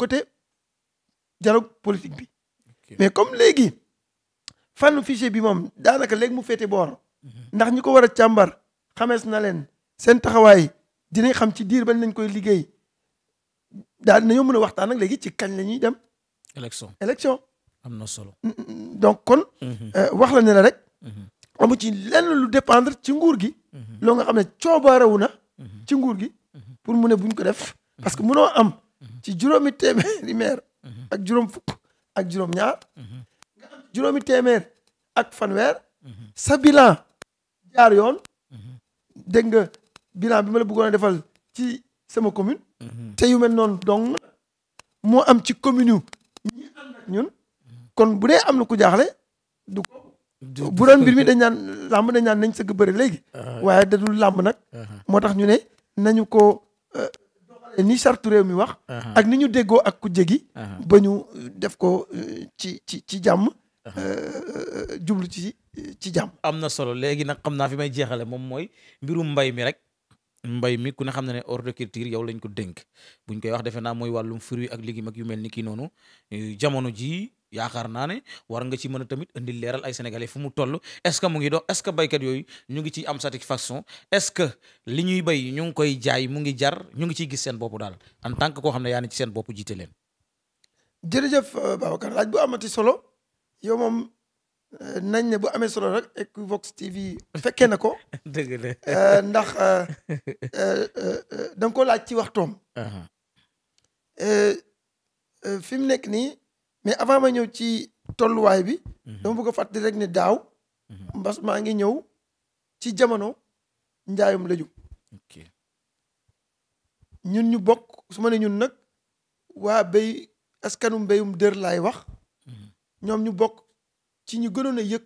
côté dialogue politique bi mais comme léegi fànn fichier bi moom daanaka léegi mu féete boor mhm. ndax ñi ko war a càmbar xamees na leen seen taxawaay dinañ xam ci diir ban nañ koy liggéey daal nañoo mën a waxtaan ak léegi ci kañ la ñuy dem élection élection am na solo mm, mm, mm. donc kon mhm. euh, wax la ne la rek mhm. amu ci lenn lu dépendre ci nguur gi loo nga xam ne coobaarewu na ci nguur gi pour mu ne buñ ko def parce que munoo am ci juróomi téeméeri ak juróom fukk ak juróom ñaar. juróomi téeméer ak fanweer. sa bilan jaar yoon. dégg nga bilan bi ma la bëggoon defal ci sama commune. te yu noon noonu donc moo am ci commune yu ñun. kon bu dee am na ku jaaxle du ko. bu doon mbir mi dañ naan làmb dañ naan nañ sëgg bëri léegi. Ah. waaye da dul làmb nag. Ah. moo tax ñu ne nañu ko. Euh, xoolee ni charte réew mi wax. Uh-huh. ak ni ñu déggoo ak ku jégi uh-huh. ba ñu uh, def ko uh, ci ci ci jàmm. Uh-huh. Uh, jublu ci ci jàmm. am na solo léegi nag xam naa fi may jeexale moom mooy mbirum mbay mi rek. mbay mi ku ne xam na ne horticulture yow lañ ko dénk buñ koy wax defe naa mooy wàllum fruit ak légumes ak yu mel ni kii noonu jamono ji yaakaar naa ne war nga ci mën a tamit indi leeral ay sénégalais fu mu toll est ce que mu ngi dox est ce que béykat yooyu ñu ngi ciy am satisfaction est ce que li ñuy bay ñu ngi koy jaay mu ngi jar ñu ngi ciy gis seen bopp daal en tant que koo xam ne yaa ne ci seen bopp jiite leen. jërëjëf euh, Babacar laaj bu amati solo yow moom euh, nañ ne bu amee solo rek Equivox TV fekkee na ko. dëgg euh, ndax da nga ko laaj ci waxtoom. Uh-huh. fi mu nekk nii. mais avant ma ñëw ci tolluwaay bi. Mhm. dama bëgg fàttali rek ne daaw. Mhm. mbas maa ngi ñëw ci jamono njaayum lëjum. ok ñun ñu bokk su ma ne ñun nag waa béy askanu mbayum dër laay wax. Mhm. ñoom ñu bokk ci ñu gënoon a yëg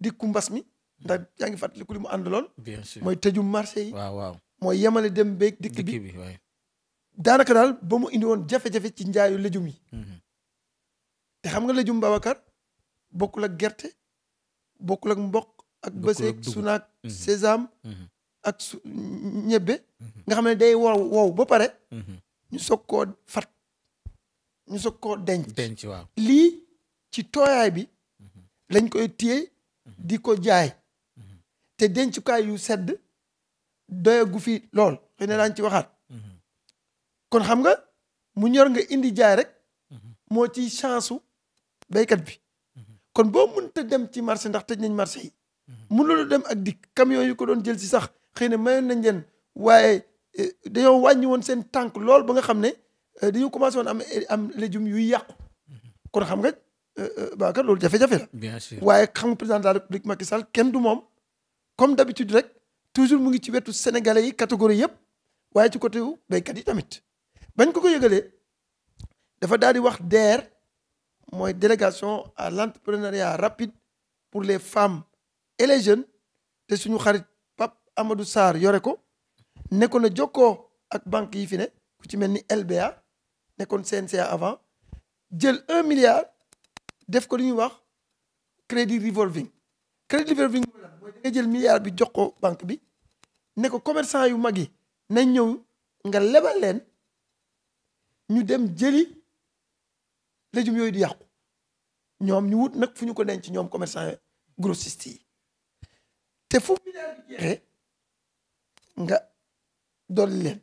dikku mbas mi. ndax yaa ngi fàttaliku li mu àndaloon. bien sûr mooy tëjum marché yi. waaw waaw mooy yemale dem beeg dikk bi dikk bi daanaka daal ba mu indi woon jafe-jafe ci njaayu lëjum yi. te xam nga lëjum Babacar bokkul ak gerte bokkul ak mboq ak bëseeg sunaak mhm. sésame mhm. ak su ñebbe mhm. nga xam ne day wow wow ba pare ñu soog koo fat ñu soog koo denc lii ci tooyaay bi lañ koy téye di ko jaay te dencukaay yu sedd doyagu fi lool xëy na daañu ci waxaat kon xam nga mu ñor nga indi jaay rek moo ci chance baykat bi mhm. kon boo mënta dem ci marché ndax tëj nañ marché yi mhm. mënuloo dem ak dikk camion yi ko doon jël si sax xëy na mayoon nañ leen waaye eh, dañoo wàññi woon seen tànk lool ba nga xam ne eh, dañu commencé woon am am légumes yuy yàqu mhm. kon xam nga eh, baakar loolu jafe-jafe la waaye xam nga président de la république Macky kenn du moom comme d'habitude rek toujours mu ngi ci wetu sénégalais yi catégorie yëpp waaye ci côté wu béykat yi tamit bañ ko ko yëgalee dafa daal di wax DER mooy délégation à l'entrepreneuriat rapide pour les femmes et les jeunes te suñu xarit Pape Amadou Sarr yore ko nekkoon na jokkoo ak banque yi fi ku ci mel ni LBA nekkoon CNCA avant jël un milliard def ko li ñuy wax crédit revolving crédit revolving mooy da nga jël milliard bi jox ko banque bi ne ko commerçant yu mag yi nañ ñëw nga lebal leen ñu dem jëli légumes yooyu du yàqu ñoom ñu wut nag fu ñu ko denc ñoom commerçant grossiste yi te fu milliard bi jeexee nga dolli leen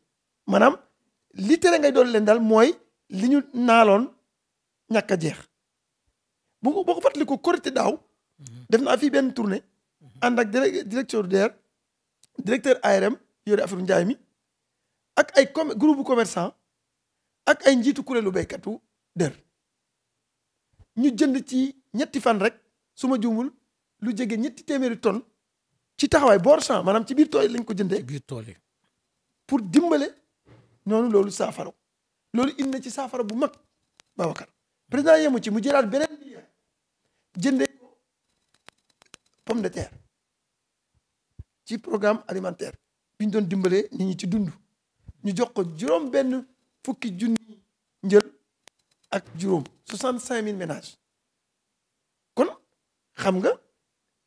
maanaam li tere ngay dolli leen daal mooy li ñu naaloon ñàkk a jeex bu ko boo ko fàttali ko korité daaw mhm. def naa fii benn tournée mhm. ànd ak directeur DER directeur ARM yore affaire njaay mi ak ay groupe commerçant ak ay njiitu kuréelu béykatu DER ñu jënd ci ñetti fan rek su ma juumul lu jege ñetti téeméeri tol ci taxawaay boor champ maanaam ci biir tool yi lañ ko jëndee. biir tool yi pour dimbale noonu loolu saafara loolu indi ci saafara bu mag Babacar président yemu ci mu jëlaat beneen bi jëndee ko pomme de terre ci programme alimentaire bi ñu doon dimbalee nit ñi ci dund ñu jox ko juróom benn fukki junni njël ak juróom 65000 ménage kon xam nga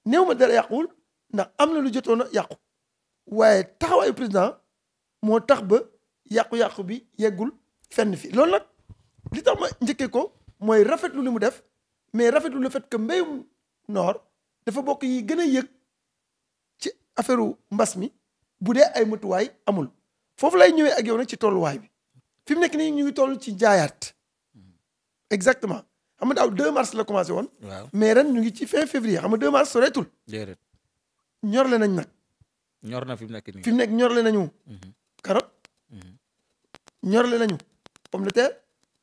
néew ma dara yàquwul ndax am na lu jotoon yàqu waaye taxawaayu président moo tax ba yàqu-yàqu bi yeggul fenn fi loolu nag li tax ma njëkkee ko mooy rafetlu lu mu def mais rafetlu le fet que mbéyum noor dafa bokk yi gën a yëg ci affaire mbas mi bu dee ay mutuwaay amul foofu lay ñëwee ak yow na ci tolluwaay bi fi mu nekk nii ñu ngi toll ci jaayaat exactement xam nga daaw 2 mars la commencé woon. waaw mais ren ñu ngi ci fin février xam nga 2 mars soreetul. déedéet ñorle nañ nag. ñor na fi mu nekk nii fi nekk ñorle nañu. Mhm. carotte. Mhm. ñorle nañu pomme de terre.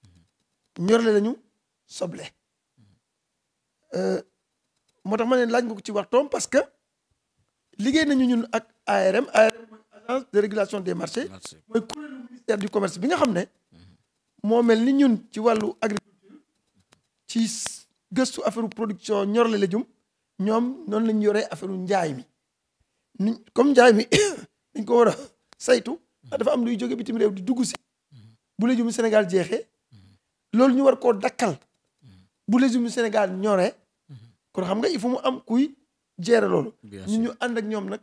Mhm. ñorle nañu soble. Euh, moo tax ma ne laaj nga ko ci waxtoom parce que liggéey nañu ñun ak ARM ARM agence de régulation des marchés. mooy kuréelu ministère du commerce bi nga xam ne. moo mel ni ñun ci wàllu agriculture. ci gëstu affaire production ñor la légume ñoom noonu la yoree affaire njaay mi nu comme njaay mi dañ ko war a saytu dafa am luy jóge bitim réew di dugg si bu légume Sénégal jeexee loolu ñu war koo dakkal bu légume senegal ñoree kon xam nga il faut mu am kuy gérer loolu ñun ñu ànd ak ñoom nag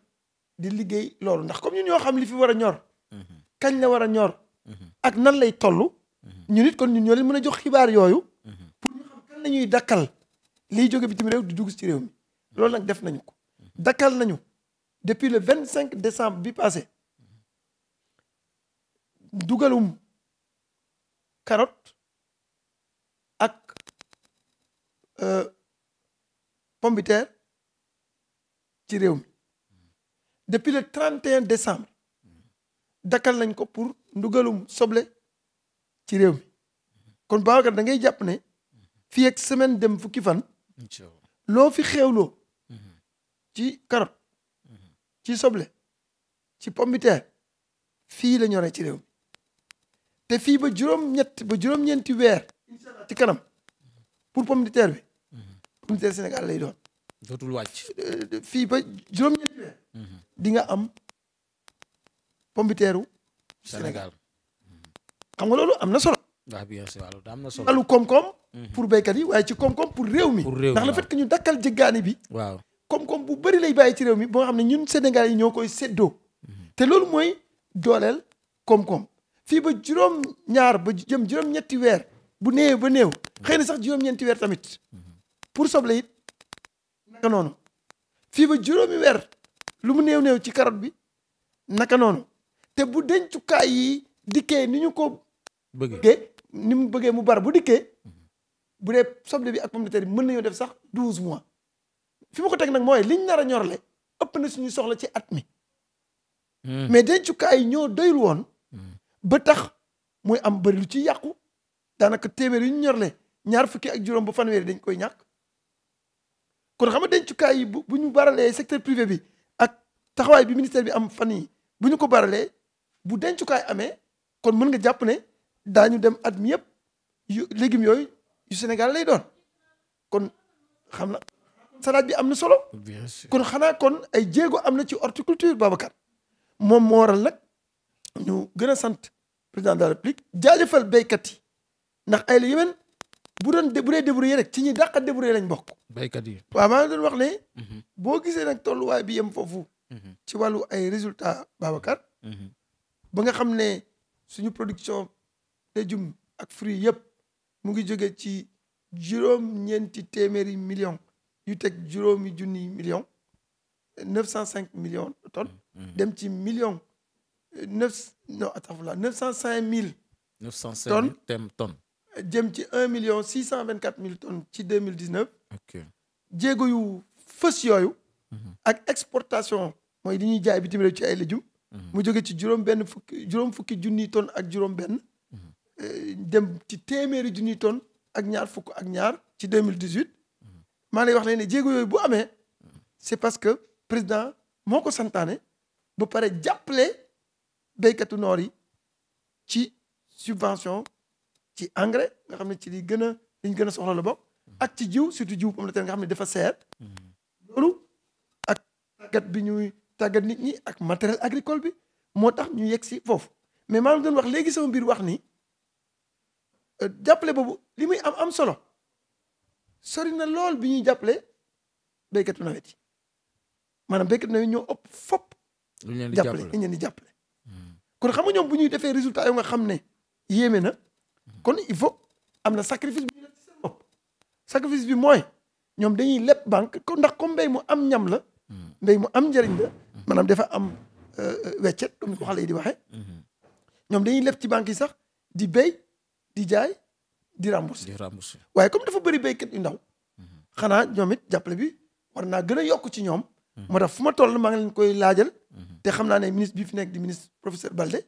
di liggéey loolu ndax comme ñun yoo xam li fi war a ñor mhm. kañ la war a ñor mhm. ak nan lay toll mhm. ñu nit kon ñun ñoo leen mën a jox xibaar yooyu am na ñuy dakkal liy jóge bitim réew di dugg ci réew mi loolu nag def nañu ko dakkal nañu depuis le vingt cinq décembre bi passé dugalum karot ak euh, pomme de ci réew mi depuis le 31 décembre dakkal nañ ko pour ndugalum soble ci réew mi kon baawakat da ngay jàpp ne fii ak semaine dem fukki fan loo fi xeewloo mhm. ci carotte mhm. ci soble ci pomme de terre fii la ñore ci réew te fii ba juróom-ñett ba juróom-ñeenti weer ci kanam pour pomme de terre bi mhm. pomme de terre Sénégal lay doon dootul wàcc euh, fii ba juróom-ñeenti weer di am pomme de terre u Sénégal xam nga loolu am na solo waaw bien sûr loolu am na solo alu koom-koom. Mhm. pour béykat yi waaye ci koom-koom pour réew mi. pour réew mi ndax le fait que ñu dakkal jëggaani bi. waaw koom-koom bu bari lay bàyyi ci réew mi boo xam ne ñun Sénégal yi ñoo koy séddoo. Mhm. te loolu mooy dooleel koom-koom fii ba juróom-ñaar ba jëm juróom-ñetti weer bu néew ba néew. xëy na sax juróom-ñeenti weer tamit mhm. pour soble it naka noonu fii ba juróomi weer lu mu néew néew ci carotte bi naka noonu te bu dencukaay yi dikkee ni ñu ko. bëggee ni mu bëggee mu bar bu dikkee bu dee soble bi ak pomme de terre bi mën nañoo def sax douze mois fi mu ko teg nag mooy liñ nar a ñorle ëpp na suñuy soxla ci at mi. Hmm. mais dencukaay yi ñoo doyul woon. Hmm. ba tax muy am bëri lu ci yàqu daanaka téeméer yu ñu ñorle ñaar fukki ak juróom ba dañ koy ñàkk. kon xam nga dencukaay yi bu ñu baralee secteur privé bi ak taxawaay bi ministère bi am fan yi bu ñu ko baralee bu dencukaay amee kon mën nga jàpp ne. daañu dem at mi yu légumes yooyu yu Sénégal lay doon kon xam na salade bi am na solo. bien kon xanaa kon ay jéego am na ci horticulture Babacar. moom moo waral nag ñu gën a sant président de la république jaajëfal béykat yi ndax ay la yéen bu doon bu dee débrouillé rek ci ñi dàq débrouillé lañ bokk. béykat yi waaw maa ngi doon wax ne. Mhm. boo gisee nag tolluwaay bi yem foofu. Mhm. ci wàllu ay résultats Babacar. Mhm. ba nga xam ne suñu production. légume ak fruit yëpp mu ngi jóge ci juróom-ñeenti téeméeri millions yu teg juróomi junni millions neuf cent cinq millions de tonnes mm-hmm. dem ci millions euh, neuf non attafula neuf cent cinq mille neuf cent cinq mille tonnes jëm ci un million six cent vingt quatre mille tonnes ci deux mille dix neuf jéego yu fës yooyu mm-hmm. ak exportation mooy li ñuy jaay bitim réew ci ay légumes mm-hmm. mu jóge ci juróom benn juróom fukki junni tonnes ak juróom benn dem ci téeméeri junniy tonne ak ñaar fukk ak ñaar ci 2018 maa lay wax ne ne jéego yooyu bu amee c'est parce que président moo ko santaane ba pare jàppale béykatu noor yi ci subvention ci engrais nga xam ne ci li gën a li gën a soxla la bokk ak ci jiw surtout jiw pomme de nga xam ne dafa seer loolu ak tàggat bi ñuy tàggat nit ñi ak matériel agricole bi moo tax ñu yegg si foofu mais maa ngi doon wax léegi sama mbir wax ni Euh, jàppale boobu li muy am am solo sori na lool bi ñuy jàppale béykatu nawet yi maanaam béykatu nawet ñoo ëpp fopp jàppale li leen di jàppale hmm. kon xam nga ñoom bu ñuy defee résultat yoo nga xam ne yéeme na hmm. kon il faut am na sacrifice bu ñu seen bopp sacrifice bi mooy ñoom dañuy leb banque ko ndax comme mbéy mu am ñam la hmm. mbéy mu am njëriñ la maanaam dafa am euh, euh, weccet comme ni ko xale yi di waxee ñoom dañuy leb ci banque sax di béy di jaay di remboursé. di waaye comme dafa bëri béykat yu ndaw. Mhm. xanaa ñoom it jàppale bi war naa gën a yokk ci ñoom. Mhm. moo tax fu ma toll maa ngi leen koy laajal. Mhm. te xam naa ne ministre bi fi nekk di ministre professeur Balde.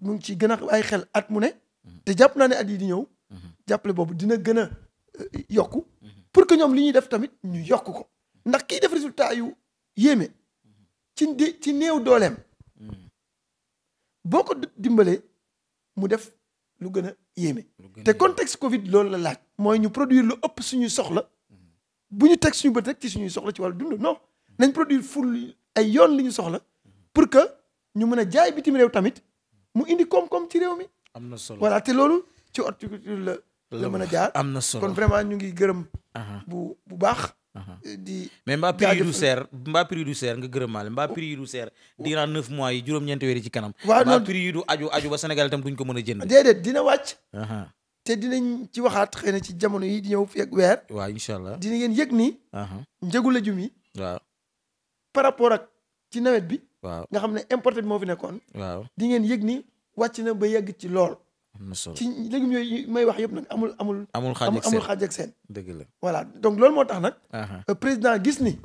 mu ngi ci gën a ay xel at mu ne. te jàpp naa ne at yi di ñëw. jàppale boobu dina gën a eh, yokku. pour que ñoom li ñuy def tamit ñu yokk ko. ndax kiy def résultat yu yéeme. ci ci néew dooleem. boo ko dimbalee mu def lu gën a. yéeme te contexte Covid loolu la laaj mooy ñu produire lu ëpp suñuy soxla mm-hmm. bu ñu teg su bët rek ci suñuy soxla ci wàllu dundu no nañ produire ful ay yoon lu ñu soxla mm-hmm. pour que ñu mën a jaay bitim réew tamit mu indi koom-koom ci réew mi. am na solo voilà te loolu ci horticulture la. la mën a jaar am na solo kon vraiment ñu ngi gërëm. bu baax. Euh, di mais mbaa prix yi du seer mbaa prix yi du seer nga gërëmaale mbaa prix du seer diiraan neuf mois yi juróom-ñeenti weer yi ci kanam waaw mbaa prix yi du aju aju ba Sénégal itam duñ ko mën a jënd déedéet dina wàcc te dina ci waxaat xëy na ci jamono yi di ñëw fi ak weer waa incha allah dina ngeen yëg ni njëgu lajum yi waaw par rapport ak ci nawet bi waaw nga xam ne importé moo fi nekkoon waaw di ngeen yëg ni wàcc na ba yegg ci lool ci légumes yooyu may wax yëpp nag amul amul. amul xaaj ak seen dëgg la voilà donc loolu moo tax nag. Euh, président gis ni.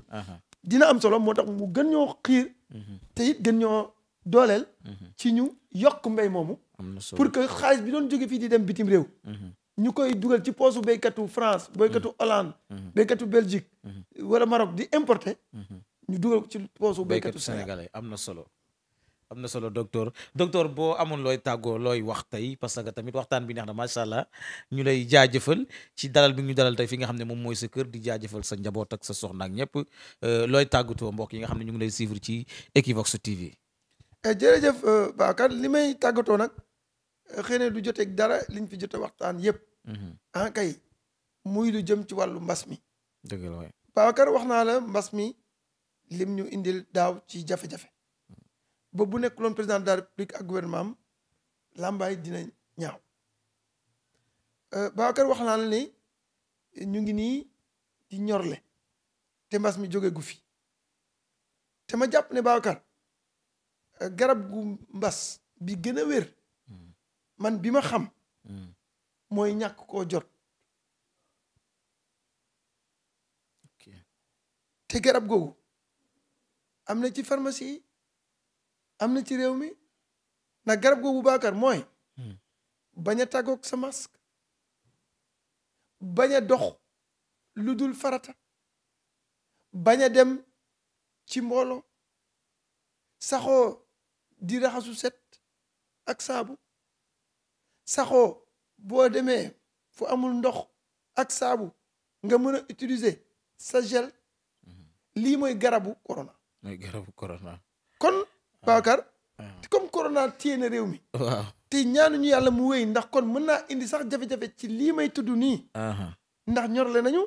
dina am solo moo tax mu gën ñoo xiir. Mhm. te it gën ñoo dooleel. Mhm. ci ñu yokk mbéy moomu. pour que xaalis bi doon jóge fii di dem bitim réew. Mhm. ñu koy dugal ci poosu béykatu France béykatu Hollande. béykatu Belgique. wala Maroc di importer. ñu dugal ko ci poosu béykatu Sénégalais am na solo. am na solo docteur docteur boo amoon looy tàggoo looy wax tey parce que tamit waxtaan bi neex na macha allah ñu lay jaajëfal ci dalal bi ñu dalal tey fi nga xam ne moom mooy sa kër di jaajëfal sa njaboot ak sa soxna ak ñëpp euh, looy tàggatoo mbokk yi nga xam ne ñu ngi lay suivre ci Equivox TV. Eh, jërëjëf euh, Bakar li may tàggatoo nag euh, xëy na du joteeg dara liñ fi jote waxtaan yëpp. Mm-hmm. ah kay muy lu jëm ci wàllu mbas mi. dëgg la waay wax naa la mbas mi lim ñu indil daaw ci jafe-jafe. ba bu nekk loon président de la république ak gouvernement am làmbaay dina ñaaw euh, Babacar wax naa ni ñu ngi nii di ñorle te mbas mi jóge gu fi te ma jàpp ne Babacar euh, garab gu mbas bi gën a wér hmm. man bi ma xam hmm. mooy ñàkk koo jot te garab googu am na ci pharmacie am na ci réew mi na garab googu baakar mooy hmm. bañ a tàggoog sa masque bañ a dox lu dul farata bañ a dem ci mbooloo saxoo di raxasu set ak saabu saxoo boo demee fu amul ndox ak saabu nga mën a utiliser sa gel hmm. lii mooy garabu korona mooy kon. Babacar ah. comme corona téye na réew mi. waaw te ñaanuñu yàlla mu wéy ndax kon mën naa indi sax jafe-jafe ci lii may tudd nii. Ah. ndax ñorle nañu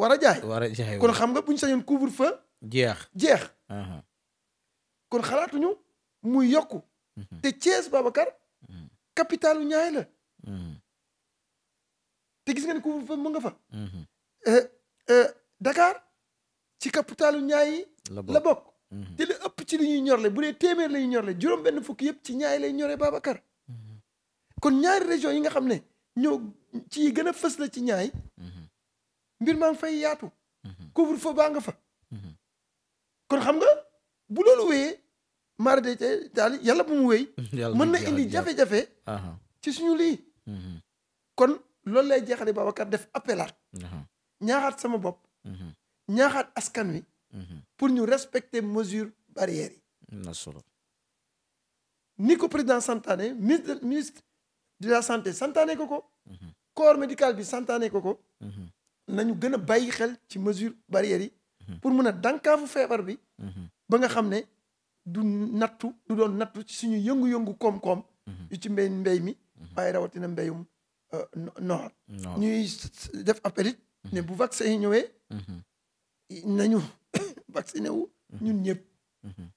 war a jaay. war a jaay kon xam nga bu ñu sañoon couvre feu. jeex jeex. Ah. kon xalaatuñu muy yokku. Mm-hmm. te Thiès Babacar. Mm-hmm. capitalu ñaay la. Mm-hmm. te gis nga ne couvre feu mu nga fa. Eh, eh, Dakar ci kapitalu ñaay yi. la bokk. Mhm. te li ëpp ci li ñuy ñorle bu dee téeméer lay ñorle juróom benn fukk yëpp ci ñaari lay ñoree Babacar mhm. kon ñaari région yi nga xam ne ñoo ci gën a fës la ci ñaay mhm. mbir maa ngi fay yaatu couvre feu baa nga fa kon xam nga bu loolu wéyee mara de daal yàlla bu mu wéy mën na indi jafe-jafe ci suñu lii kon loolu lay jeexale Babacar def appelaat ñaaxaat sama bop ñaaxaat askan wi Mhm. pour ñu respecter mesures barrières yi na solo ni ko président santaane ministre ministre de la santé santaane ko ko mhm. corps médical bi santaane ko ko mhm. nañu gën a bàyyi xel ci mesures barrières yi pour mun a dànkaafu feebar bi ba nga xam ne du nattu du doon nattu ci suñu yëngu-yëngu koom-koom yu ci mbéy mbéy mi waaye rawatina mbéyum euh, noor ñuy def appel it ne bu vaccin yi ñëwee nañu vacciné wu. Mhm. ñun ñëpp. Mhm.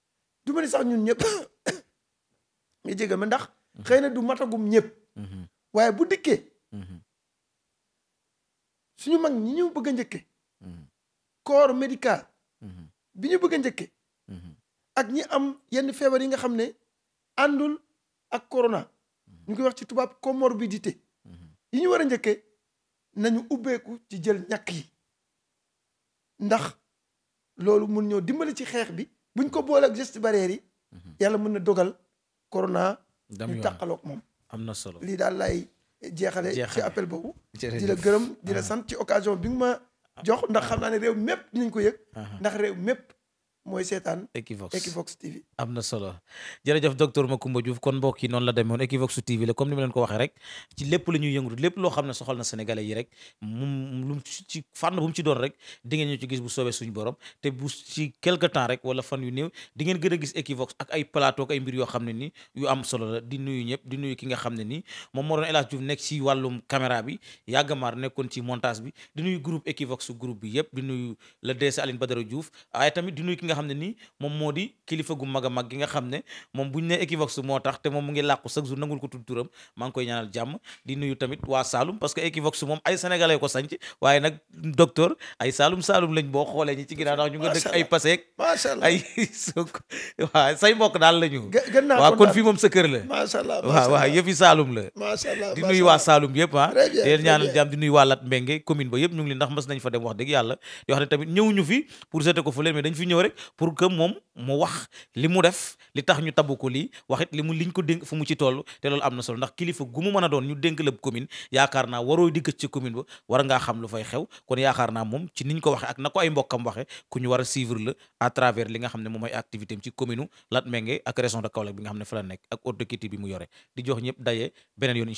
du ma sax ñun ñëpp nga jégal ma ndax. xëy na du matagum ñëpp. Mhm. waaye bu dikkee. suñu mag ñi ñu bëgg a njëkke corps médical. bi ñu bëgg a ak ñi am yenn feebar yi nga xam ne àndul ak corona. ñu koy wax ci tubaab comorbidité. yi ñu war a njëkke nañu ubbeeku ci jël ñàkk yi ndax. loolu mun ñoo dimbali ci xeex bi buñ ko boole ak geste barrière yi mhm. yàlla mën na dogal corona ñu tàqaloog moom am na solo lii daal lay jeexale ci appel boobu di la gërëm di ah. sant ci occasion bi nga ma jox ndax xam naa ne réew mépp dinañ ko yëg ah. ndax réew mépp mooy seetaan. Equivox Equivox TV. am na solo jërëjëf docteur Macoumba Diouf kon mbokk yi noonu la demee woon Equivox TV la comme ni ma ko waxee rek ci lépp la ñuy yëngatu lépp loo xam ne soxal na sénégalais yi rek mu lu mu ci doon rek di ngeen ci gis bu soobee suñu borom te bu ci quelque temps rek wala fan yu néew di ngeen gën a gis Equivox ak ay plateau ak ay mbir yoo xam ne nii yu am solo la di nuyu ñëpp di nuyu ki nga xam ne nii moom moo doon El Hadj Diouf nekk ci yàgg maar nekkoon ci montage bi di nuyu groupe Equivox groupe bi yëpp di nuyu le DC Aline Badara Diouf waaye tamit nga xam ne nii moom moo di kilifa gu mag a gi nga xam ne moom buñ ne Equivox moo tax te moom mu ngi làqu chaque jour nangul ko tudd turam maa ngi koy ñaanal jàmm di nuyu tamit waa Saloum parce que Equivox moom ay sénégalais ko sanc waaye nag docteur ay lañ boo xoolee ñi ci ginnaaw ndax ñu nga dëkk ay Pasek la ñu waaw kon fii moom sa kër la waaw waaw yëfi la di nuyu waa Saloum yëpp ah di leen ñaanal jàmm di nuyu waa Lat Mbenge commune ba yëpp ñu ndax mas nañ fa dem wax dëgg yàlla yoo xam ne tamit ñëwuñu fi pour jeter ko fële mais dañ fi ñëw rek pour que moom mu wax li mu def li tax ñu tabu ko lii wax it li mu liñ ko dénk fu mu ci toll te loolu am na solo ndax kilifa gu mu mën a doon ñu dénk la commune yaakaar naa waroo di ci commune ba war ngaa xam lu fay xew kon yaakaar naa moom ci niñ ko waxe ak na ko ay mbokkam waxe ku ñu war a la à travers li nga xam ne moom mooy activité am ci commune Latmingué ak région de Kaolack bi nga xam ne fa la nekk ak haute de kiti bi mu yore di jox ñëpp daje beneen